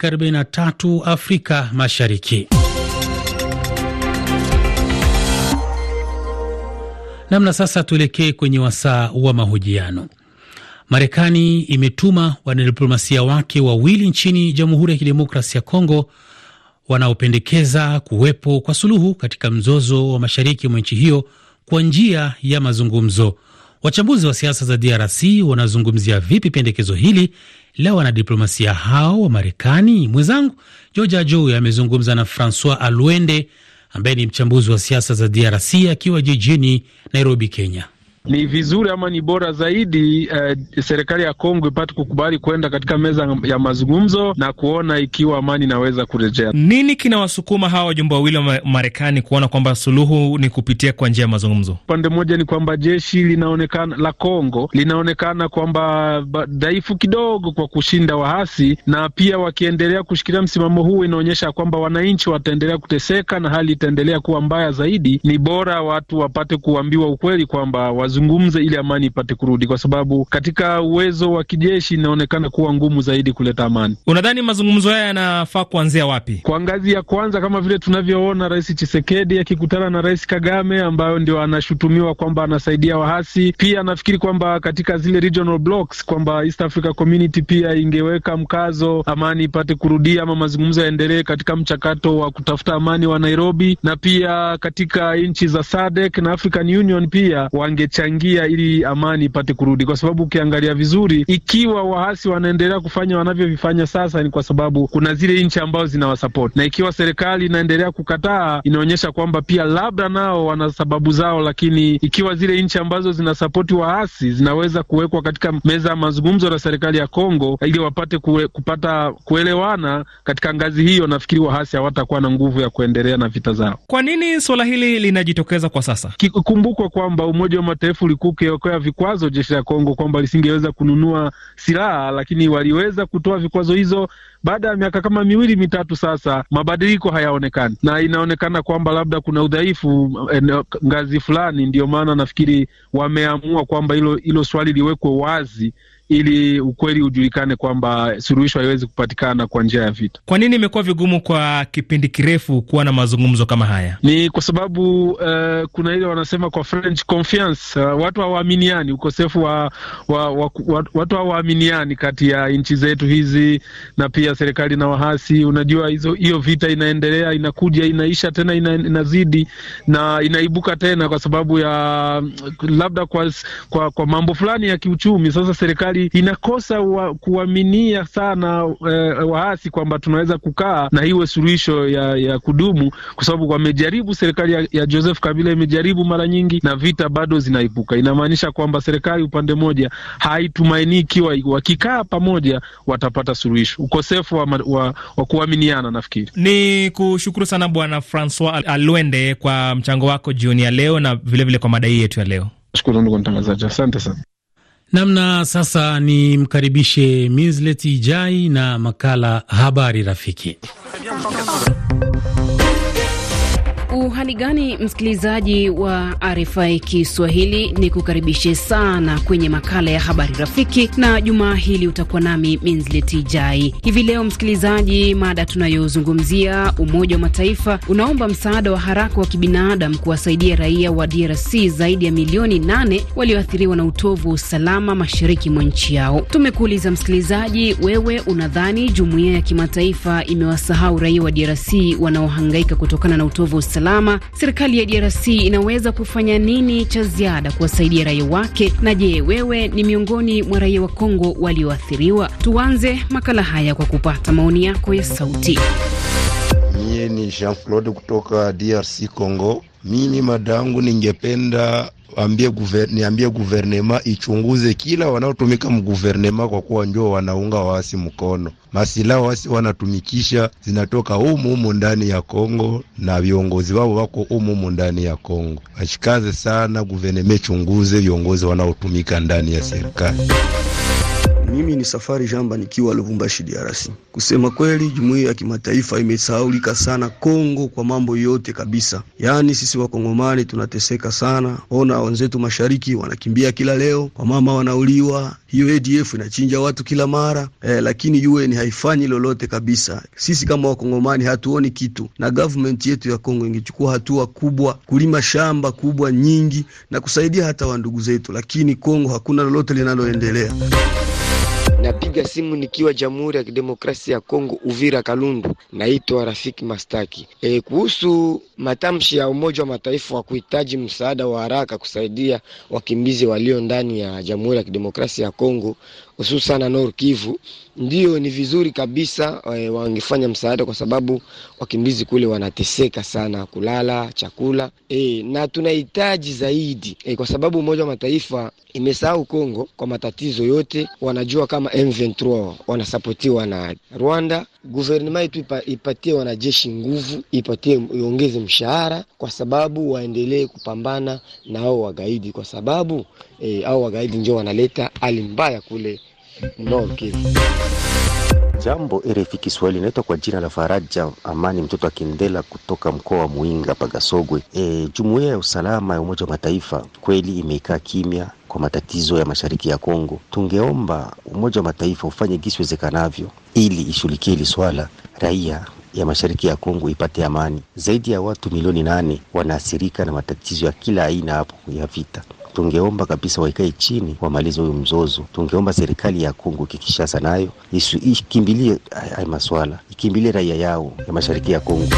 43 Afrika Mashariki. Namna sasa, tuelekee kwenye wasaa wa mahojiano. Marekani imetuma wanadiplomasia wake wawili nchini Jamhuri ya Kidemokrasi ya Kongo wanaopendekeza kuwepo kwa suluhu katika mzozo wa mashariki mwa nchi hiyo kwa njia ya mazungumzo. Wachambuzi wa siasa za DRC wanazungumzia vipi pendekezo hili? Leo wanadiplomasia hao wa Marekani, mwenzangu Georgia Joy amezungumza na Francois Alwende ambaye ni mchambuzi wa siasa za DRC akiwa jijini Nairobi, Kenya ni vizuri ama ni bora zaidi eh, serikali ya Kongo ipate kukubali kwenda katika meza ya mazungumzo na kuona ikiwa amani inaweza kurejea. Nini kinawasukuma hawa wajumbe wawili wa Marekani kuona kwamba suluhu ni kupitia kwa njia ya mazungumzo? Upande mmoja ni kwamba jeshi linaonekana la Kongo linaonekana kwamba dhaifu kidogo kwa kushinda waasi, na pia wakiendelea kushikilia msimamo huu inaonyesha kwamba wananchi wataendelea kuteseka na hali itaendelea kuwa mbaya zaidi. Ni bora watu wapate kuambiwa ukweli kwamba waz wazungumze ili amani ipate kurudi, kwa sababu katika uwezo wa kijeshi inaonekana kuwa ngumu zaidi kuleta amani. Unadhani mazungumzo haya yanafaa kuanzia wapi? Kwa ngazi ya kwanza, kama vile tunavyoona Rais Chisekedi akikutana na Rais Kagame ambayo ndio anashutumiwa kwamba anasaidia wahasi. Pia nafikiri kwamba katika zile regional blocks kwamba East Africa Community pia ingeweka mkazo amani ipate kurudia ama mazungumzo yaendelee katika mchakato wa kutafuta amani wa Nairobi, na pia katika nchi za SADC na African Union pia wangecha kuchangia ili amani ipate kurudi, kwa sababu ukiangalia vizuri, ikiwa waasi wanaendelea kufanya wanavyovifanya sasa, ni kwa sababu kuna zile nchi ambazo zinawasapoti, na ikiwa serikali inaendelea kukataa, inaonyesha kwamba pia labda nao wana sababu zao. Lakini ikiwa zile nchi ambazo zinasapoti waasi zinaweza kuwekwa katika meza ya mazungumzo na serikali ya Kongo ili wapate kue, kupata kuelewana katika ngazi hiyo, nafikiri waasi hawatakuwa na nguvu ya kuendelea na vita zao. Kwa nini suala hili linajitokeza kwa sasa? Kikumbukwa kwamba Umoja wa Mataifa ADF ulikuwa ukiwekea vikwazo jeshi la Kongo kwamba lisingeweza kununua silaha, lakini waliweza kutoa vikwazo hizo baada ya miaka kama miwili mitatu sasa, mabadiliko hayaonekani na inaonekana kwamba labda kuna udhaifu eh, ngazi fulani. ndio maana nafikiri wameamua kwamba hilo hilo swali liwekwe wazi ili ukweli ujulikane kwamba suluhisho haiwezi kupatikana kwa njia ya vita. Kwa nini imekuwa vigumu kwa kipindi kirefu kuwa na mazungumzo kama haya? Ni kwa sababu uh, kuna ile wanasema kwa French confiance, uh, watu hawaaminiani, ukosefu wa, wa, wa, wa watu hawaaminiani kati ya nchi zetu hizi na pia serikali na wahasi. Unajua hizo hiyo vita inaendelea, inakuja, inaisha tena, ina, inazidi na inaibuka tena kwa sababu ya mm, labda kwa, kwa, kwa mambo fulani ya kiuchumi. Sasa serikali serikali inakosa wa, kuaminia sana eh, waasi kwamba tunaweza kukaa na iwe suluhisho ya, ya kudumu, kwa sababu wamejaribu. Serikali ya, ya Joseph Kabila imejaribu mara nyingi na vita bado zinaibuka. Inamaanisha kwamba serikali upande mmoja haitumainii ikiwa wakikaa pamoja watapata suluhisho. Ukosefu wa, wa, wa kuaminiana. Nafikiri ni kushukuru sana Bwana Francois Alwende kwa mchango wako jioni ya leo na vilevile vile kwa madai yetu ya leo. Shukuru ndugu mtangazaji, asante sana namna. Sasa ni mkaribishe Minslet Ijai na makala Habari Rafiki. Uhali gani msikilizaji wa RFI Kiswahili, ni kukaribishe sana kwenye makala ya habari rafiki, na jumaa hili utakuwa nami Minzlet Jai. Hivi leo msikilizaji, mada tunayozungumzia, Umoja wa Mataifa unaomba msaada wa haraka wa kibinadamu kuwasaidia raia wa DRC zaidi ya milioni nane walioathiriwa na utovu wa usalama mashariki mwa nchi yao. Tumekuuliza msikilizaji, wewe unadhani jumuiya ya kimataifa imewasahau raia wa DRC wanaohangaika kutokana na utovu wa usalama usalama, serikali ya DRC inaweza kufanya nini cha ziada kuwasaidia raia wake? Na je, wewe ni miongoni mwa raia wa Kongo walioathiriwa? Tuanze makala haya kwa kupata maoni yako ya sauti. Mie ni Jean Claude kutoka DRC Congo. Mimi madangu ningependa ambie guver, niambie guvernema ichunguze kila wanaotumika mguvernema, kwa kuwa njo wanaunga waasi mkono. Masila waasi wanatumikisha zinatoka umu umu ndani ya Kongo na viongozi wao wako umu umu ndani ya Kongo. Washikaze sana, guvernema ichunguze viongozi wanaotumika ndani ya serikali. Mimi ni Safari Jamba nikiwa Lubumbashi DRC. Kusema kweli, jumuiya ya kimataifa imesahaulika sana Kongo kwa mambo yote kabisa. Yaani sisi wakongomani tunateseka sana, ona wenzetu mashariki wanakimbia kila leo, wamama wanauliwa, hiyo ADF inachinja watu kila mara eh, lakini UN haifanyi lolote kabisa. Sisi kama wakongomani hatuoni kitu, na government yetu ya Kongo ingechukua hatua kubwa, kulima shamba kubwa nyingi na kusaidia hata wandugu zetu, lakini Kongo hakuna lolote linaloendelea. Napiga simu nikiwa Jamhuri ya Kidemokrasia ya Kongo, Uvira Kalundu. Naitwa Rafiki Mastaki. E, kuhusu matamshi ya Umoja wa Mataifa wa kuhitaji msaada wa haraka kusaidia wakimbizi walio ndani ya Jamhuri ya Kidemokrasia ya Kongo, hususan na Nord Kivu, ndio ni vizuri kabisa e, wangefanya msaada, kwa sababu wakimbizi kule wanateseka sana, kulala, chakula e, na tunahitaji zaidi e, kwa sababu Umoja wa Mataifa imesahau Kongo kwa matatizo yote. Wanajua kama M23 wanasapotiwa na Rwanda. Guvernema yetu ipatie wanajeshi nguvu, ipatie iongeze mshahara, kwa sababu waendelee kupambana na hao wagaidi, kwa sababu e, hao wagaidi ndio wanaleta hali mbaya kule No, okay. Jambo RFI Kiswahili, inaitwa kwa jina la Faraja Amani, mtoto Kindela kutoka mkoa wa Muinga Pagasogwe. E, jumuiya ya usalama ya Umoja wa Mataifa kweli imeikaa kimya kwa matatizo ya mashariki ya Kongo. Tungeomba Umoja wa Mataifa ufanye gisi wezekanavyo ili ishughulikie hili swala, raia ya mashariki ya Kongo ipate amani. Zaidi ya watu milioni nane wanaathirika na matatizo ya kila aina hapo ya vita tungeomba kabisa waikae chini, wamalize huyu mzozo. Tungeomba serikali ya Kongo kikishasa nayo ikimbilie haya maswala, ikimbilie raia yao ya mashariki ya Kongo.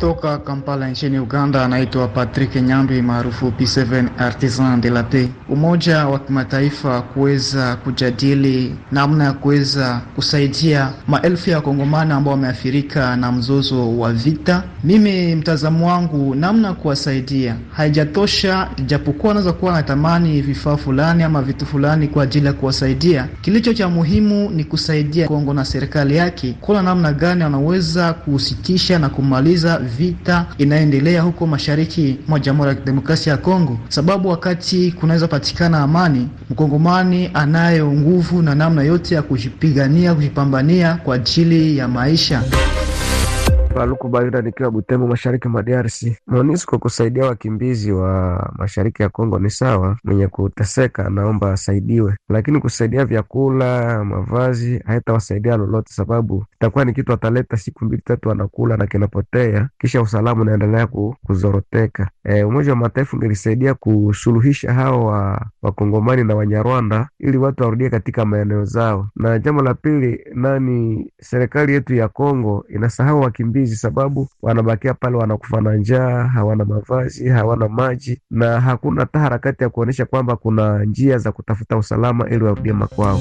Toka Kampala nchini Uganda, anaitwa Patrick Nyambi maarufu P7 Artisan de la Paix. Umoja wa Kimataifa kuweza kujadili namna ya kuweza kusaidia maelfu ya Wakongomani ambao wameathirika na mzozo wa vita mimi mtazamo wangu namna kuwasaidia haijatosha, japokuwa naweza kuwa wanatamani vifaa fulani ama vitu fulani kwa ajili ya kuwasaidia. Kilicho cha muhimu ni kusaidia Kongo na serikali yake kuona namna gani wanaweza kuhusikisha na kumaliza vita inayoendelea huko mashariki mwa Jamhuri ya Kidemokrasia ya Kongo, sababu wakati kunaweza patikana amani, mkongomani anayo nguvu na namna yote ya kujipigania, kujipambania kwa ajili ya maisha. Naitwa Luku nikiwa Butembo, mashariki mwa DRC. MONUSCO kusaidia wakimbizi wa mashariki ya Kongo ni sawa, mwenye kuteseka anaomba asaidiwe, lakini kusaidia vyakula, mavazi haitawasaidia lolote, sababu itakuwa ni kitu ataleta siku mbili tatu anakula na kinapotea, kisha usalama unaendelea kuzoroteka. E, Umoja wa Mataifa ungelisaidia kusuluhisha hawa wakongomani na Wanyarwanda ili watu warudie katika maeneo zao. Na jambo la pili nani, serikali yetu ya Kongo inasahau wakimbizi hizi sababu wanabakia pale, wanakufa na njaa, hawana mavazi, hawana maji na hakuna hata harakati ya kuonyesha kwamba kuna njia za kutafuta usalama ili warudie makwao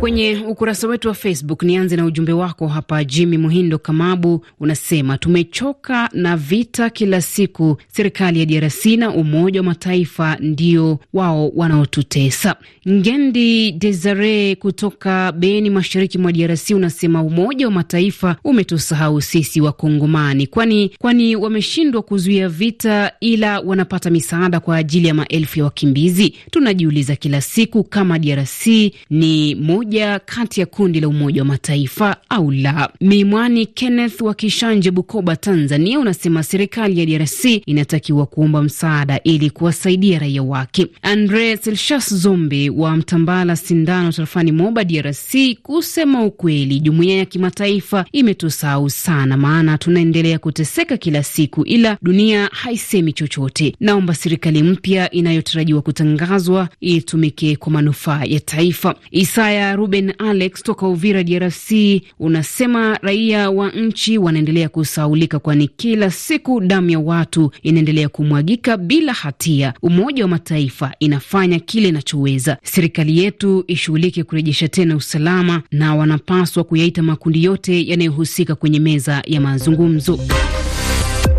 kwenye ukurasa wetu wa Facebook. Nianze na ujumbe wako hapa, Jimmy Muhindo Kamabu, unasema tumechoka na vita kila siku. Serikali ya DRC na Umoja wa Mataifa ndio wao wanaotutesa. Ngendi Desare kutoka Beni, mashariki mwa DRC, unasema Umoja wa Mataifa umetusahau sisi Wakongomani, kwani kwani wameshindwa kuzuia vita, ila wanapata misaada kwa ajili ya maelfu ya wakimbizi. Tunajiuliza kila siku kama DRC ni moja moja kati ya kundi la Umoja wa Mataifa au la. mimwani Kenneth wa Kishanje, Bukoba, Tanzania, unasema serikali ya DRC inatakiwa kuomba msaada ili kuwasaidia raia wake. Andre Selshas Zombe wa Mtambala Sindano, tarafani Moba, DRC, kusema ukweli, jumuiya ya kimataifa imetusahau sana, maana tunaendelea kuteseka kila siku, ila dunia haisemi chochote. Naomba serikali mpya inayotarajiwa kutangazwa itumike kwa manufaa ya taifa. Isaya Ruben Alex toka Uvira, DRC, unasema raia wa nchi wanaendelea kusaulika, kwani kila siku damu ya watu inaendelea kumwagika bila hatia. Umoja wa Mataifa inafanya kile inachoweza, serikali yetu ishughulike kurejesha tena usalama, na wanapaswa kuyaita makundi yote yanayohusika kwenye meza ya mazungumzo.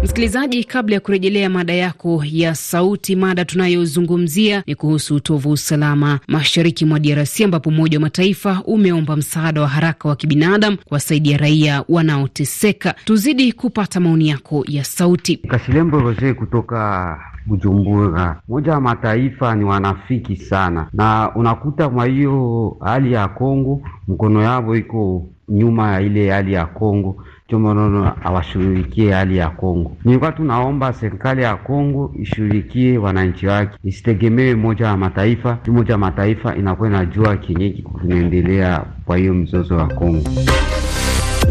Msikilizaji, kabla ya kurejelea mada yako ya sauti, mada tunayozungumzia ni kuhusu utovu wa usalama mashariki mwa DRC ambapo Umoja wa Mataifa umeomba msaada wa haraka wa kibinadamu kuwasaidia raia wanaoteseka. Tuzidi kupata maoni yako ya sauti. Kasilembo Roze kutoka Bujumbura. Umoja wa Mataifa ni wanafiki sana, na unakuta mwa hiyo hali ya Kongo mkono yavo iko nyuma ya ile hali ya Kongo chomonono awashughulikie hali ya Kongo. Nilikuwa tunaomba serikali ya Kongo ishughulikie wananchi wake, isitegemewe moja ya mataifa. Moja ya mataifa inakuwa inajua kinyiki kinaendelea kwa hiyo mzozo wa Kongo.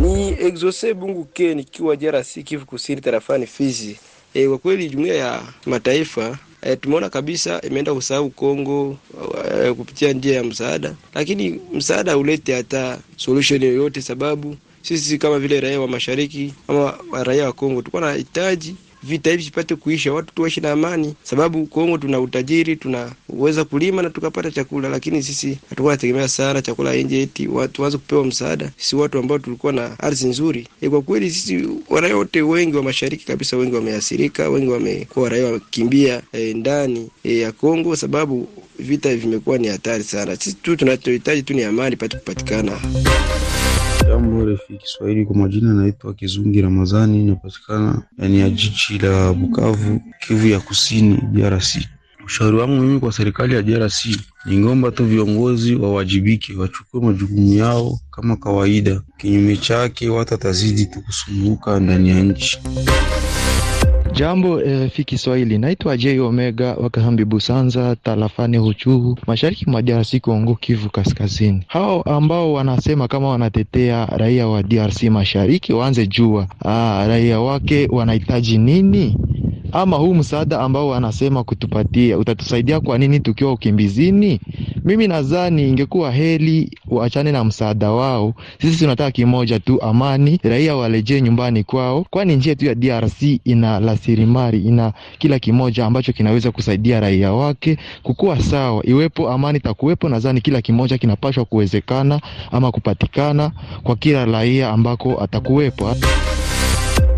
Ni exose bungu ke nikiwa jarasi Kivu Kusini tarafani Fizi. E, kwa kweli jumuiya ya mataifa E, tumeona kabisa imeenda kusahau Kongo e, kupitia njia ya msaada, lakini msaada ulete hata solution yoyote, sababu sisi kama vile raia wa mashariki ama raia wa Kongo tulikuwa na hitaji vita hivi vipate kuisha, watu tuishi na amani, sababu Kongo tuna utajiri, tunaweza kulima na tukapata chakula, lakini sisi hatukuwa tunategemea sana chakula nje, eti watu waanze kupewa msaada. Sisi watu ambao tulikuwa na ardhi nzuri e, kwa kweli sisi raia wote wengi wa mashariki kabisa, wengi wameathirika, wengi wamekuwa raia wakimbia e, ndani e, ya Kongo sababu vita vimekuwa ni hatari sana. Sisi tu tunachohitaji tu ni amani pate kupatikana. Jambo refi Kiswahili, kwa majina naitwa Kizungi Ramadhani, napatikana ndani ya jiji la Bukavu, Kivu ya Kusini, DRC. Ushauri wangu mimi kwa serikali ya DRC ni ngomba tu viongozi wawajibike, wachukue majukumu yao kama kawaida. Kinyume chake, watu watazidi tu ndani ya nchi. Jambo eh, RFI Kiswahili, naitwa J Omega wa Kahambi Busanza, tarafani Huchuhu, mashariki mwa DRC Kongo, Kivu Kaskazini. Hao ambao wanasema kama wanatetea raia wa DRC mashariki waanze jua, ah, raia wake wanahitaji nini? ama huu msaada ambao wanasema kutupatia utatusaidia kwa nini tukiwa ukimbizini? Mimi nadhani ingekuwa heli waachane na msaada wao. Sisi tunataka kimoja tu, amani, raia warejee nyumbani kwao, kwani njia tu ya DRC ina rasilimali, ina kila kimoja ambacho kinaweza kusaidia raia wake kukuwa sawa. Iwepo amani takuwepo, nadhani kila kimoja kinapashwa kuwezekana ama kupatikana kwa kila raia ambako atakuwepo.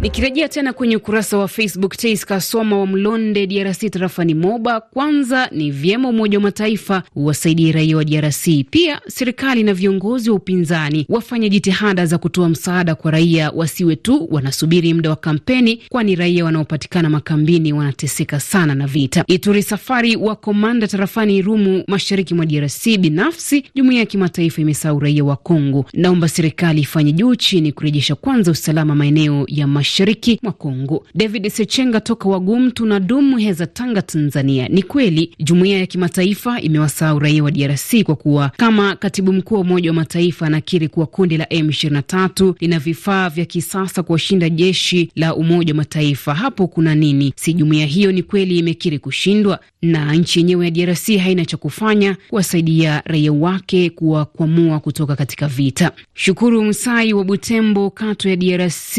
Nikirejea tena kwenye ukurasa wa Facebook, Tais Kasoma wa Mlonde, DRC, tarafani Moba, kwanza ni vyema Umoja wa Mataifa uwasaidie raia wa DRC, pia serikali na viongozi wa upinzani wafanye jitihada za kutoa msaada kwa raia, wasiwe tu wanasubiri muda wa kampeni, kwani raia wanaopatikana makambini wanateseka sana na vita. Ituri Safari wa Komanda, tarafani Rumu, mashariki mwa DRC, binafsi jumuiya ya kimataifa imesahau raia wa Kongo. Naomba serikali ifanye juu chini kurejesha kwanza usalama maeneo ya mash mashariki mwa Kongo. David Sechenga toka Wagumtu na dumu Heza, Tanga, Tanzania. Ni kweli jumuiya ya kimataifa imewasahau raia wa DRC kwa kuwa kama katibu mkuu wa Umoja wa Mataifa anakiri kuwa kundi la M23 lina vifaa vya kisasa kuwashinda jeshi la Umoja wa Mataifa. Hapo kuna nini? Si jumuiya hiyo ni kweli imekiri kushindwa? na nchi yenyewe ya DRC haina cha kufanya kuwasaidia raia wake kuwakwamua kutoka katika vita. Shukuru Msai wa Butembo, Kato ya DRC,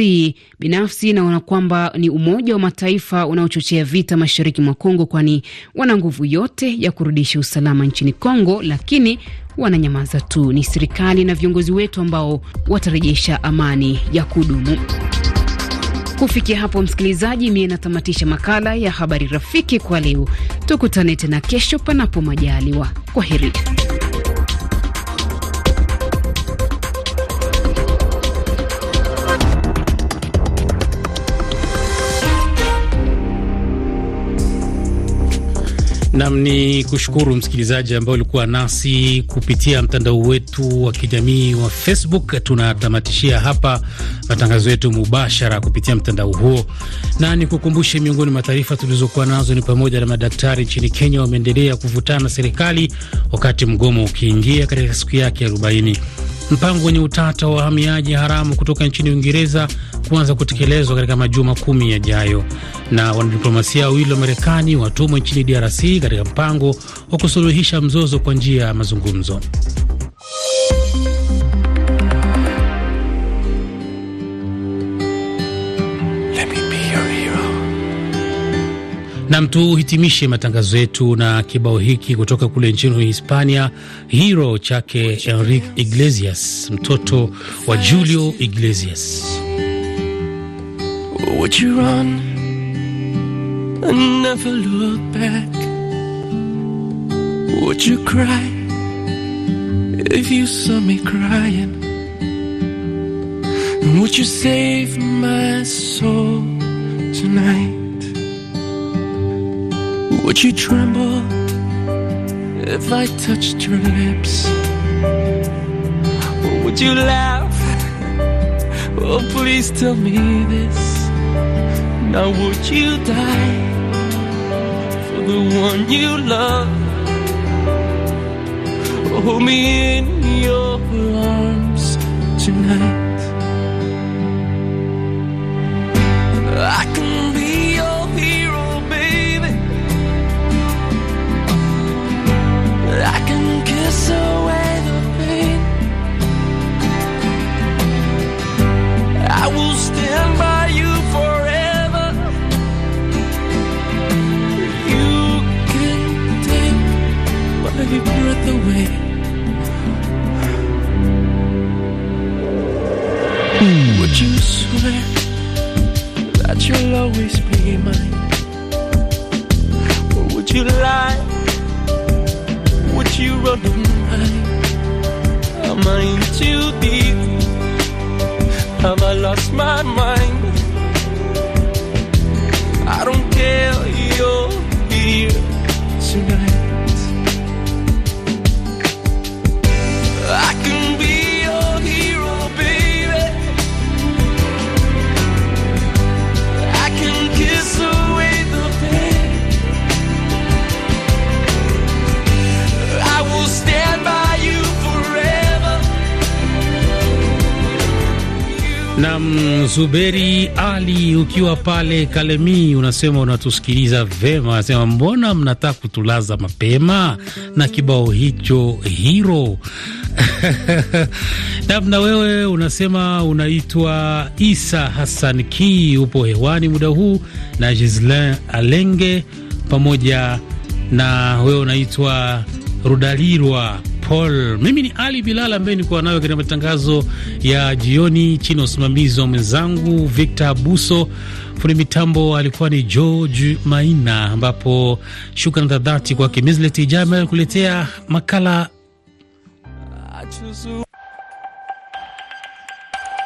binafsi naona kwamba ni Umoja wa Mataifa unaochochea vita mashariki mwa Kongo, kwani wana nguvu yote ya kurudisha usalama nchini Kongo, lakini wananyamaza tu. Ni serikali na viongozi wetu ambao watarejesha amani ya kudumu. Kufikia hapo, msikilizaji, mie natamatisha makala ya habari rafiki kwa leo. Tukutane tena kesho, panapo majaliwa. Kwa heri. Nam ni kushukuru msikilizaji ambaye ulikuwa nasi kupitia mtandao wetu wa kijamii wa Facebook. Tunatamatishia hapa matangazo yetu mubashara kupitia mtandao huo, na nikukumbushe, miongoni mwa taarifa tulizokuwa nazo ni pamoja na madaktari nchini Kenya wameendelea kuvutana na serikali wakati mgomo ukiingia katika siku yake 40. Mpango wenye utata wa wahamiaji haramu kutoka nchini Uingereza kuanza kutekelezwa katika majuma kumi yajayo. Na wanadiplomasia wawili wa Marekani watumwa nchini DRC katika mpango wa kusuluhisha mzozo kwa njia ya mazungumzo. Nam, tuhitimishe matangazo yetu na kibao hiki kutoka kule nchini Hispania, Hero chake Enrique Iglesias, mtoto wa Julio Iglesias. Or would you run and never look back? Would you cry if you saw me crying? And would you save my soul tonight? Would you tremble if I touched your lips? Or would you laugh? Oh, please tell me this. Now would you die for the one you love? hold me in your arms tonight. I can be your hero, baby. I can kiss away. every breath away. Would you swear that you'll always be mine? Or would you lie? Would you run and hide? Am I in too deep? Have I lost my mind? I don't care. Zuberi Ali, ukiwa pale Kalemi, unasema unatusikiliza vema, nasema mbona mnataka kutulaza mapema na kibao hicho hiro namna. Wewe unasema unaitwa Isa Hassan Ki, upo hewani muda huu na Gislin Alenge pamoja na wewe unaitwa Rudalirwa Paul. Mimi ni Ali Bilal ambaye nikuwa nayo katika matangazo ya jioni chini ya usimamizi wa mwenzangu Victor buso Fundi mitambo alikuwa ni George Maina, ambapo shukrani za dhati kwake Mislet Ijama kuletea makala